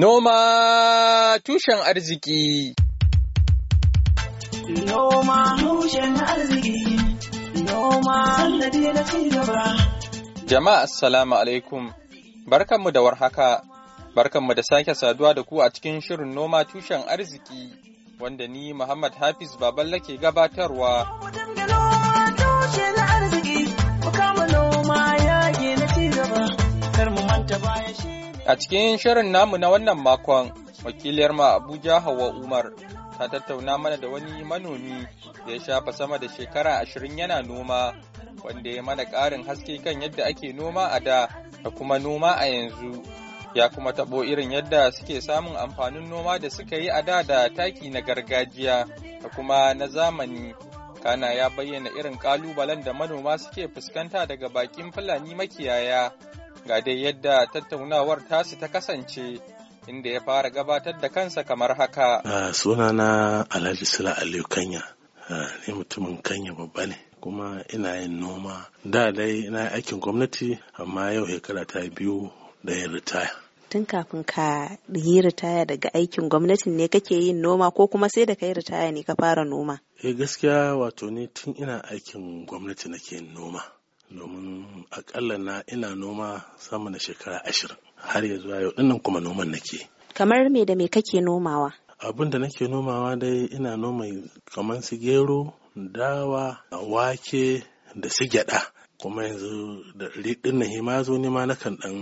Noma tushen arziki. Noma tushen arziki. Noma sallade na cigaba. Jama'a assalamu alaikum. Barkanmu da warhaka. Barkanmu da sake saduwa da ku a cikin shirin noma tushen arziki wanda ni Muhammad Hafiz Baballa ke gabatarwa. A cikin shirin namu na wannan makon, wakiliyar ma Abuja Hawa Umar ta tattauna mana da wani manomi da ya shafa sama da shekara ashirin yana noma, wanda ya mana ƙarin haske kan yadda ake noma a da da kuma noma a yanzu. Ya kuma taɓo irin yadda suke samun amfanin noma da suka yi a da da taki na gargajiya da kuma na zamani. Kana ya bayyana irin ƙalubalen da manoma suke fuskanta daga bakin Fulani makiyaya Ga dai yadda tattaunawar tasu ta kasance inda ya fara gabatar da kansa kamar haka. Suna ah, sunana Alhaji Sula Aliyu Kanya, ah, ni mutumin Kanya babba ne. kuma ina yin noma da dai ina aikin gwamnati amma yau shekara ta biyu da yin ritaya tun kafin ka yi ritaya daga aikin gwamnati ne kake yin noma ko kuma sai da ka yi ritaya ne ka fara noma eh gaskiya wato ni tun ina aikin gwamnati nake yin noma domin akalla na ina noma sama da shekara ashirin har yanzu zuwa yau dinnan kuma noman nake kamar me da me kake nomawa abin da nake nomawa dai ina noma kamar su gero dawa wake da su gyada kuma yanzu da ridin na hima zo ne ma kan ɗan.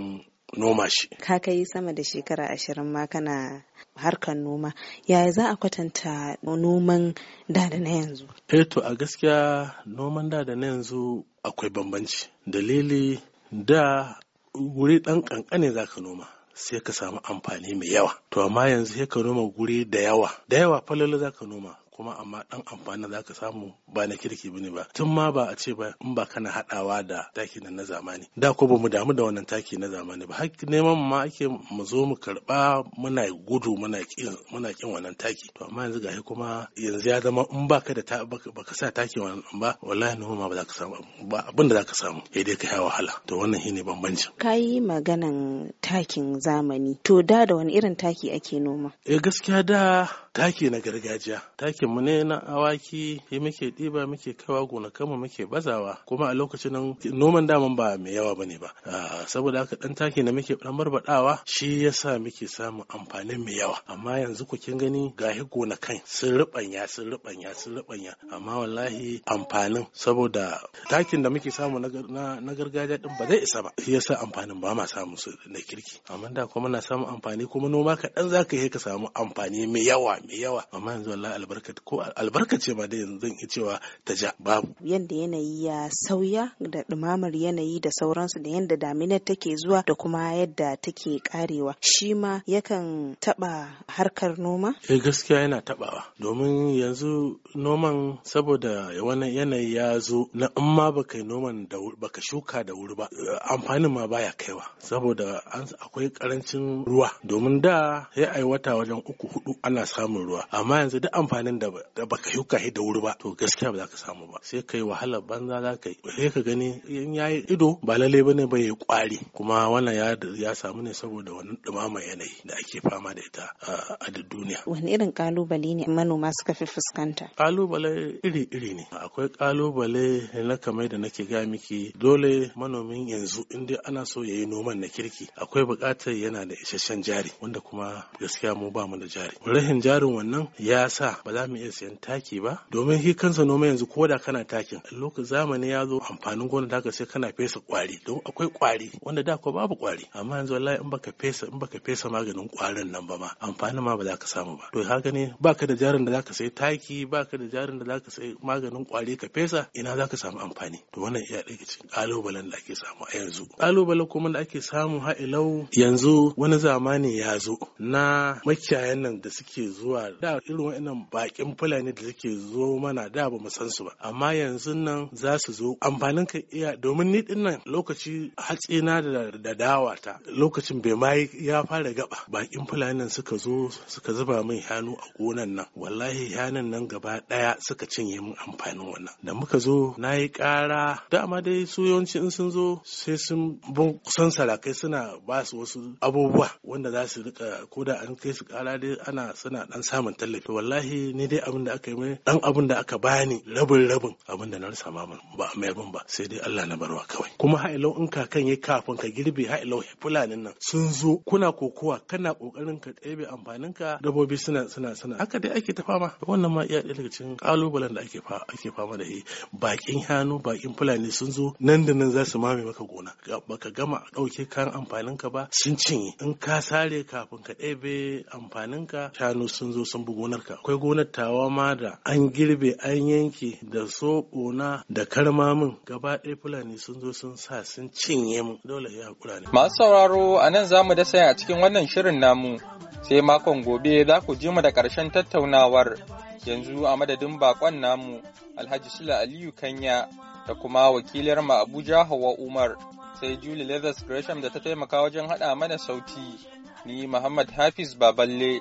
noma shi. Ka kai sama da shekara ashirin ma kana harkar noma. Yaya za a kwatanta noman da da na yanzu? Eto eh to a gaskiya noman da da na yanzu akwai bambanci. Dalili da wuri ɗan ƙanƙane za ka noma. sai ka samu amfani mai yawa to amma yanzu sai ka noma guri da yawa da yawa falala za ka noma kuma amma dan amfani za ka samu ba na kirki bane ba tun ma ba a ce ba in ba kana haɗawa da taki na zamani da ko ba mu damu da wannan taki na zamani ba har neman ma ake mu zo mu karba muna gudu muna kin muna kin wannan taki to amma yanzu gashi kuma yanzu ya zama in ka da ka sa taki wannan ba wallahi ba za ka samu ba abinda da za ka samu sai dai ka yi wahala to wannan shine bambancin kayi maganan takin zamani to da da wani irin taki ake noma eh gaskiya da taki na gargajiya takin mu ne na awaki shi muke ɗiba muke kawa kama muke bazawa kuma a lokacin nan noman daman ba mai yawa ne ba ah, saboda haka dan taki da muke dan barbaɗawa shi yasa muke samun amfanin mai yawa amma yanzu ku kin gani gahi gonakan sun rubanya sun rubanya sun rubanya amma wallahi amfanin saboda takin da muke samu na gargajiya din ba zai isa ba shi yasa amfanin ba ma samu su na kirki amma da kuma na samu amfani kuma noma kaɗan zaka yi ka samu amfani mai yawa mai yawa amma yanzu Allah albarka ko albarka ce ma da yanzu zan cewa ta ja babu yanda yanayi ya sauya da ɗumamar yanayi da sauransu da yanda daminar take zuwa da kuma yadda take karewa shi ma yakan taba harkar noma eh gaskiya yana tabawa domin yanzu noman saboda wani yanayi ya zo na in baka noman da baka shuka da wuri ba amfanin ma baya kaiwa saboda akwai karancin ruwa domin da ya yi wata wajen uku hudu ana samu samun ruwa amma yanzu duk amfanin da baka shuka shi da wuri ba to gaskiya ba za ka samu ba sai kai wahalar banza za ka yi sai ka gani in yayi ido ba lalle ne ba ya kwari kuma wannan ya samu ne saboda wani dumama yanayi da ake fama da ita a duniya wani irin kalubale ne manoma suka fi fuskanta kalubale iri-iri ne akwai kalubale na kamar da nake ga miki dole manomin yanzu in dai ana so ya yi noman na kirki akwai bukatar yana da isasshen jari wanda kuma gaskiya mu ba mu da jari rahin jari tsarin wannan ya sa ba za mu iya siyan taki ba domin shi kansa noma yanzu ko da kana takin a lokacin zamani ya zo amfanin gona da sai kana fesa kwari don akwai kwari wanda da ko babu kwari amma yanzu wallahi in baka fesa in baka fesa maganin kwarin nan ba ma amfanin ma ba za ka samu ba to haka ne baka da jarin da za ka sai taki baka da jarin da za ka sai maganin kwari ka fesa ina za ka samu amfani to wannan iya daga cikin kalubalen da ake samu a yanzu kalubale kuma da ake samu ha ilau yanzu wani zamani ya zo na makiyayan nan da suke zo zuwa da irin wa'annan bakin fulani da suke zo mana da ba mu san su ba amma yanzu nan za su zo amfanin ka iya domin ni dinnan nan lokaci hatsina da dawa ta lokacin bai ma ya fara gaba bakin fulanin suka zo suka zuba min hannu a gonan nan wallahi hannun nan gaba daya suka cinye mun amfanin wannan da muka zo na yi kara dama dai su yawanci in sun zo sai sun bin kusan sarakai suna ba su wasu abubuwa wanda za su rika koda an kai su kara dai ana suna an samun tallafi wallahi ni dai abin da aka yi mai dan abin da aka bani rabin rabin abin da na rasa ma ba a ba sai dai Allah na barwa kawai kuma ha'ilau in kakan yi kafin ka girbe ha'ilau fulanin nan sun zo kuna kokowa kana kokarin ka ɗebe amfanin ka dabobi suna suna suna haka dai ake ta fama wannan ma iya daga cikin kalubalen da ake ake fama da shi bakin hannu bakin fulani sun zo nan da nan za su mame maka gona baka gama dauke kan amfanin ka ba sun cinye in ka sare kafin ka ɗebe amfanin ka shanu sun sun zo sun bi gonarka akwai gonar tawa ma da an girbe an yanke da soɓona da karmamin gaba ɗaya fulani sun zo sun sa sun cinye mu dole ya hakura ne masu sauraro a nan za mu da a cikin wannan shirin namu sai makon gobe za ku ji mu da ƙarshen tattaunawar yanzu a madadin bakon namu alhaji sula aliyu kanya da kuma wakilar mu abuja hawa umar sai julie leathers gresham da ta taimaka wajen haɗa mana sauti ni muhammad hafiz baballe